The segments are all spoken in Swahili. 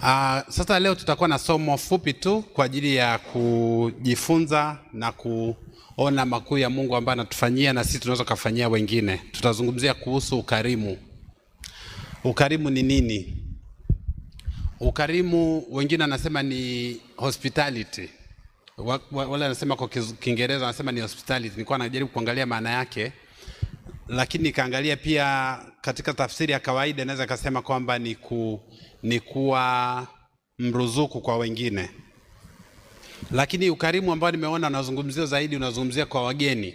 Uh, sasa leo tutakuwa na somo fupi tu kwa ajili ya kujifunza na kuona makuu ya Mungu ambayo anatufanyia na sisi tunaweza kufanyia wengine. Tutazungumzia kuhusu ukarimu. Ukarimu ni nini? Ukarimu wengine anasema ni hospitality. Wale anasema kwa Kiingereza anasema ni hospitality. Nilikuwa najaribu kuangalia maana yake, lakini nikaangalia pia katika tafsiri ya kawaida inaweza kusema kwamba ni ku ni kuwa mruzuku kwa wengine, lakini ukarimu ambao nimeona unazungumzia zaidi, unazungumzia kwa wageni.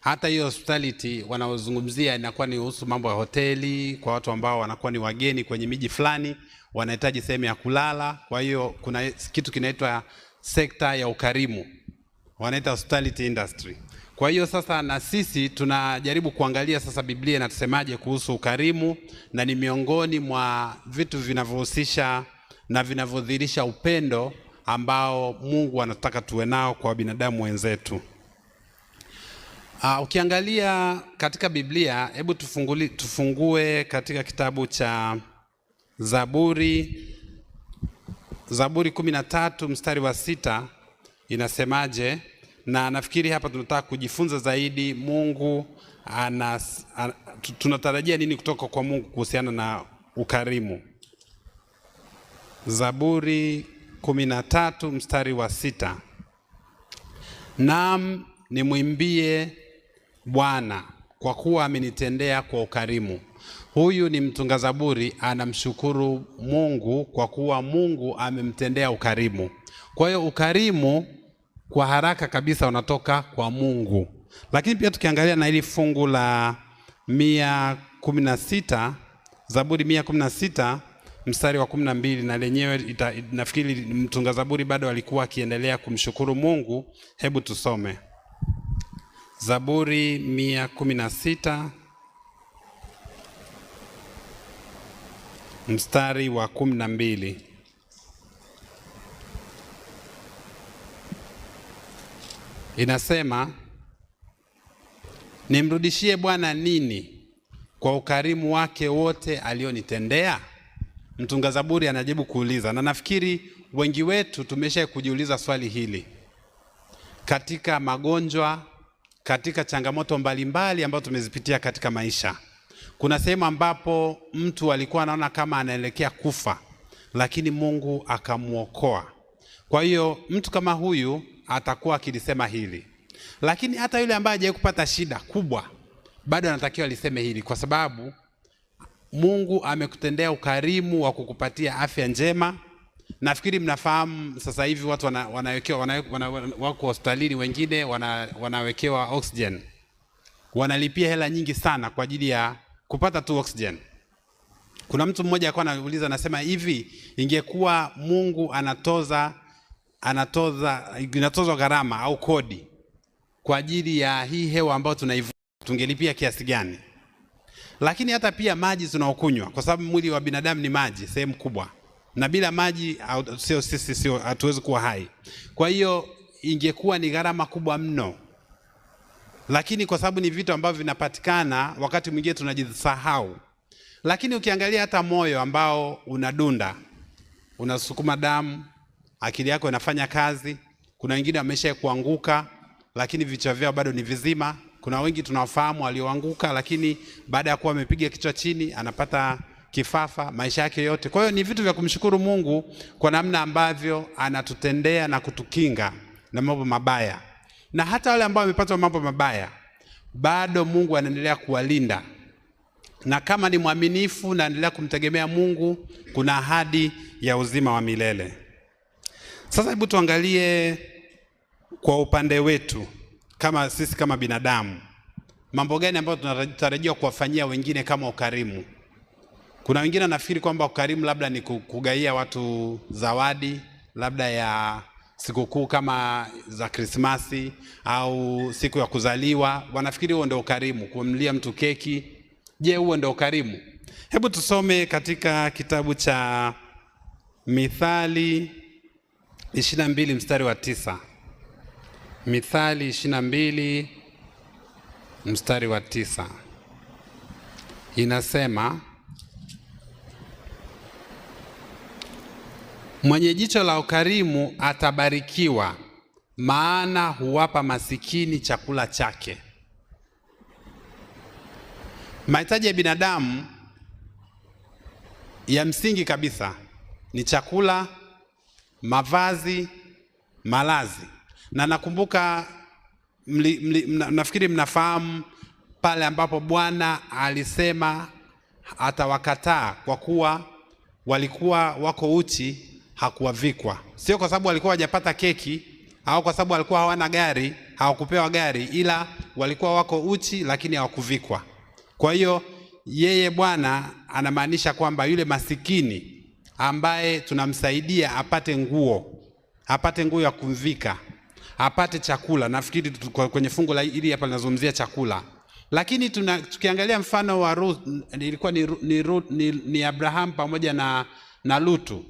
Hata hiyo hospitality wanaozungumzia inakuwa ni husu mambo ya hoteli kwa watu ambao wanakuwa ni wageni kwenye miji fulani, wanahitaji sehemu ya kulala. Kwa hiyo kuna kitu kinaitwa sekta ya ukarimu, wanaita hospitality industry. Kwa hiyo sasa na sisi tunajaribu kuangalia sasa Biblia inatusemaje kuhusu ukarimu, na ni miongoni mwa vitu vinavyohusisha na vinavyodhihirisha upendo ambao Mungu anataka tuwe nao kwa binadamu wenzetu. Uh, ukiangalia katika Biblia, hebu tufungue katika kitabu cha Zaburi, Zaburi 13 mstari wa sita inasemaje? na nafikiri hapa tunataka kujifunza zaidi Mungu ana, ah, ana, ah, tunatarajia nini kutoka kwa Mungu kuhusiana na ukarimu. Zaburi kumi na tatu mstari wa sita naam, nimwimbie Bwana kwa kuwa amenitendea kwa ukarimu. Huyu ni mtunga zaburi anamshukuru Mungu kwa kuwa Mungu amemtendea ukarimu. Kwa hiyo ukarimu kwa haraka kabisa wanatoka kwa Mungu. Lakini pia tukiangalia na hili fungu la mia kumi na sita Zaburi mia kumi na sita mstari wa kumi na mbili na lenyewe nafikiri mtunga Zaburi bado alikuwa akiendelea kumshukuru Mungu. Hebu tusome Zaburi mia kumi na sita mstari wa kumi na mbili. inasema nimrudishie Bwana nini kwa ukarimu wake wote alionitendea? Mtunga Zaburi anajibu kuuliza, na nafikiri wengi wetu tumesha kujiuliza swali hili katika magonjwa, katika changamoto mbalimbali ambazo tumezipitia katika maisha. Kuna sehemu ambapo mtu alikuwa anaona kama anaelekea kufa, lakini Mungu akamwokoa. Kwa hiyo mtu kama huyu atakuwa akilisema hili, lakini hata yule ambaye hajawahi kupata shida kubwa bado anatakiwa aliseme hili, kwa sababu Mungu amekutendea ukarimu wa kukupatia afya njema. Nafikiri mnafahamu sasa hivi watu wana, wanawekewa wana, wana, wako hospitalini wengine wana, wanawekewa oxygen, wanalipia hela nyingi sana kwa ajili ya kupata tu oxygen. Kuna mtu mmoja alikuwa anauliza, anasema hivi, ingekuwa Mungu anatoza anatoza inatozwa gharama au kodi kwa ajili ya hii hewa ambayo tunaivuta, tungelipia kiasi gani? Lakini hata pia maji tunaokunywa, kwa sababu mwili wa binadamu ni maji sehemu kubwa, na bila maji sio sisi, sio hatuwezi kuwa hai. Kwa hiyo ingekuwa ni gharama kubwa mno, lakini kwa sababu ni vitu ambavyo vinapatikana, wakati mwingine tunajisahau. Lakini ukiangalia hata moyo ambao unadunda, unasukuma damu akili yako inafanya kazi. Kuna wengine wamesha kuanguka, lakini vichwa vyao bado ni vizima. Kuna wengi tunawafahamu walioanguka, lakini baada ya kuwa amepiga kichwa chini anapata kifafa maisha yake yote. Kwa hiyo ni vitu vya kumshukuru Mungu kwa namna ambavyo anatutendea na kutukinga na mambo mabaya, na hata wale ambao wamepata mambo mabaya bado Mungu anaendelea kuwalinda, na kama ni mwaminifu na endelea kumtegemea Mungu, kuna ahadi ya uzima wa milele. Sasa hebu tuangalie kwa upande wetu kama sisi kama binadamu, mambo gani ambayo tunatarajiwa kuwafanyia wengine kama ukarimu? Kuna wengine nafikiri kwamba ukarimu labda ni kugaia watu zawadi labda ya sikukuu kama za Krismasi au siku ya kuzaliwa, wanafikiri huo ndio ukarimu, kumlia mtu keki. Je, huo ndio ukarimu? Hebu tusome katika kitabu cha Mithali 22 mstari wa tisa. Mithali 22 mstari wa tisa inasema, mwenye jicho la ukarimu atabarikiwa, maana huwapa masikini chakula chake. Mahitaji ya binadamu ya msingi kabisa ni chakula mavazi, malazi. Na nakumbuka mli, mli, mna, nafikiri mnafahamu pale ambapo Bwana alisema atawakataa kwa kuwa walikuwa wako uchi, hakuwavikwa. Sio kwa sababu walikuwa hawajapata keki au kwa sababu walikuwa hawana gari, hawakupewa gari, ila walikuwa wako uchi, lakini hawakuvikwa. Kwa hiyo yeye Bwana anamaanisha kwamba yule masikini ambaye tunamsaidia apate nguo, apate nguo ya kumvika, apate chakula. Nafikiri kwenye fungu la hili hapa linazungumzia chakula, lakini tuna, tukiangalia mfano wa Ruth, ilikuwa ni, ni, ni, ni Abraham pamoja na, na Lutu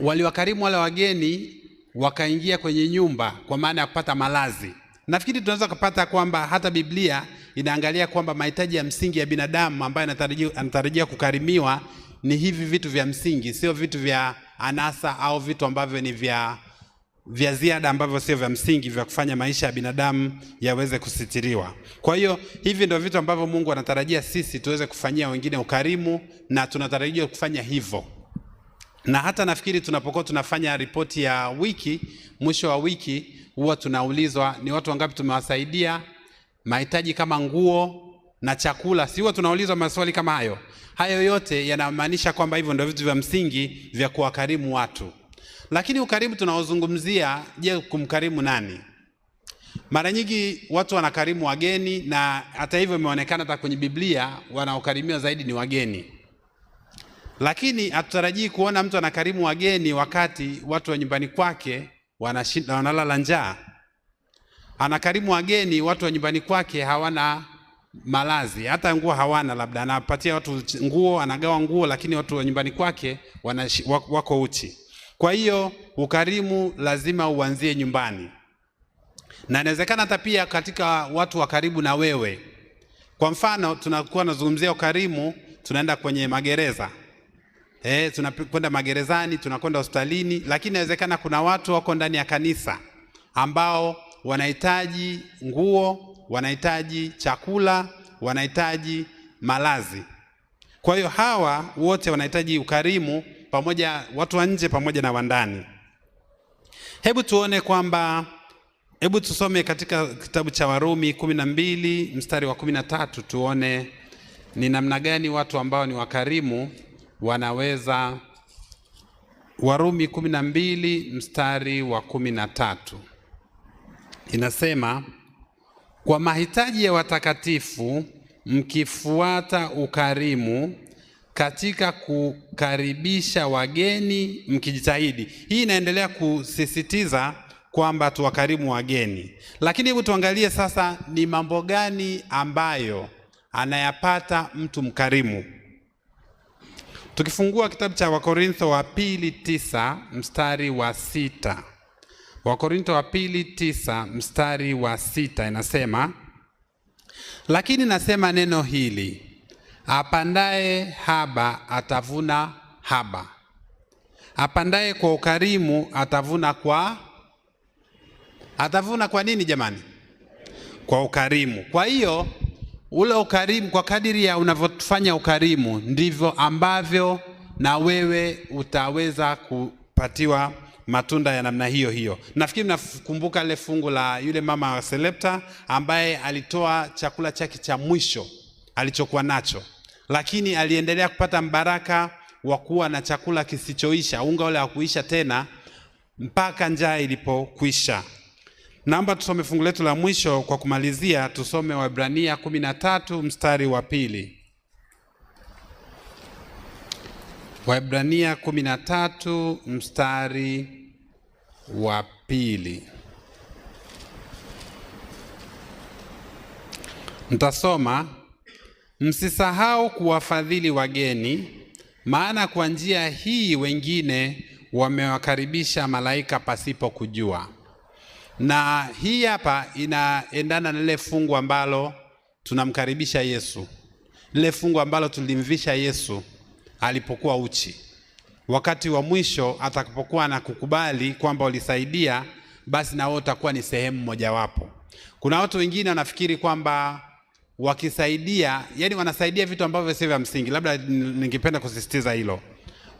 waliwakarimu wale wageni wakaingia kwenye nyumba kwa maana ya kupata malazi. Nafikiri tunaweza kupata kwamba hata Biblia inaangalia kwamba mahitaji ya msingi ya binadamu ambaye anatarajia kukarimiwa ni hivi vitu vya msingi, sio vitu vya anasa au vitu ambavyo ni vya vya ziada ambavyo sio vya msingi vya kufanya maisha ya binadamu yaweze kusitiriwa. Kwa hiyo hivi ndio vitu ambavyo Mungu anatarajia sisi tuweze kufanyia wengine ukarimu, na tunatarajia kufanya hivyo. Na hata nafikiri tunapokuwa tunafanya ripoti ya wiki, mwisho wa wiki huwa tunaulizwa ni watu wangapi tumewasaidia mahitaji kama nguo na chakula, si huwa tunaulizwa maswali kama hayo? Hayo yote yanamaanisha kwamba hivyo ndio vitu vya msingi vya kuwakarimu watu. Lakini ukarimu tunaozungumzia, je, kumkarimu nani? Mara nyingi watu wanakarimu wageni, na hata hivyo imeonekana hata kwenye Biblia wanaokarimiwa zaidi ni wageni, lakini hatutarajii kuona mtu anakarimu wageni wakati watu wa nyumbani kwake wanalala njaa. Anakarimu wageni, watu wa nyumbani kwake hawana malazi, hata nguo hawana, labda anapatia watu nguo, anagawa nguo, lakini watu wa nyumbani kwake wako uchi. Kwa hiyo ukarimu lazima uanzie nyumbani, na inawezekana hata pia katika watu wa karibu na wewe. Kwa mfano, tunakuwa tunazungumzia ukarimu, tunaenda kwenye magereza eh, tunakwenda magerezani, tunakwenda hospitalini, lakini inawezekana kuna watu wako ndani ya kanisa ambao wanahitaji nguo wanahitaji chakula, wanahitaji malazi. Kwa hiyo hawa wote wanahitaji ukarimu pamoja, watu wa nje pamoja na wandani Hebu tuone kwamba, hebu tusome katika kitabu cha Warumi kumi na mbili mstari wa kumi na tatu tuone ni namna gani watu ambao ni wakarimu wanaweza. Warumi kumi na mbili mstari wa kumi na tatu inasema kwa mahitaji ya watakatifu, mkifuata ukarimu katika kukaribisha wageni mkijitahidi. Hii inaendelea kusisitiza kwamba tuwakarimu wageni, lakini hebu tuangalie sasa ni mambo gani ambayo anayapata mtu mkarimu. Tukifungua kitabu cha Wakorintho wa pili tisa mstari wa sita Wakorinto wa pili tisa mstari wa sita inasema, lakini nasema neno hili, apandaye haba atavuna haba, apandaye kwa ukarimu atavuna kwa atavuna kwa nini jamani? Kwa ukarimu. Kwa hiyo ule ukarimu, kwa kadiri ya unavyofanya ukarimu, ndivyo ambavyo na wewe utaweza kupatiwa matunda ya namna hiyo hiyo. Nafikiri mnakumbuka ile fungu la yule mama wa Selepta ambaye alitoa chakula chake cha mwisho alichokuwa nacho, lakini aliendelea kupata mbaraka wa kuwa na chakula kisichoisha, unga ule hakuisha tena mpaka njaa ilipokwisha. Naomba tusome fungu letu la mwisho kwa kumalizia, tusome Waebrania 13 mstari wa pili. Waebrania 13 mstari wa pili. Mtasoma, msisahau kuwafadhili wageni, maana kwa njia hii wengine wamewakaribisha malaika pasipo kujua. Na hii hapa inaendana na lile fungu ambalo tunamkaribisha Yesu, lile fungu ambalo tulimvisha Yesu alipokuwa uchi. Wakati wa mwisho atakapokuwa kukubali kwamba ulisaidia, basi na wewe utakuwa ni sehemu mojawapo. Kuna watu wengine wanafikiri kwamba wakisaidia, yani wanasaidia vitu ambavyo sio vya msingi. Labda ningependa kusisitiza hilo,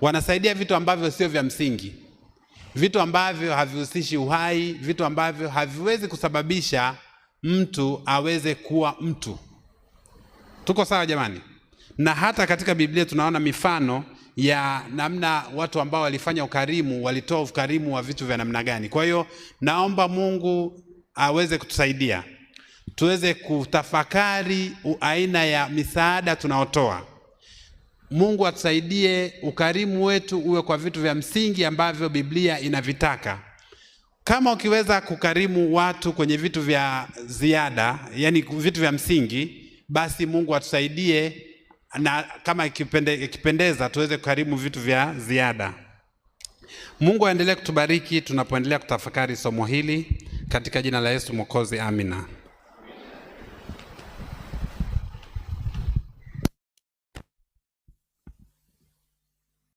wanasaidia vitu ambavyo sio vya msingi, vitu ambavyo havihusishi uhai, vitu ambavyo haviwezi kusababisha mtu aweze kuwa mtu. Tuko sawa jamani? na hata katika Biblia tunaona mifano ya namna watu ambao walifanya ukarimu walitoa ukarimu wa vitu vya namna gani. Kwa hiyo naomba Mungu aweze kutusaidia tuweze kutafakari aina ya misaada tunaotoa. Mungu atusaidie ukarimu wetu uwe kwa vitu vya msingi ambavyo Biblia inavitaka. Kama ukiweza kukarimu watu kwenye vitu vya ziada, yani vitu vya msingi, basi Mungu atusaidie na kama ikipende, ikipendeza tuweze kuharibu vitu vya ziada. Mungu aendelee kutubariki tunapoendelea kutafakari somo hili katika jina la Yesu Mwokozi, amina.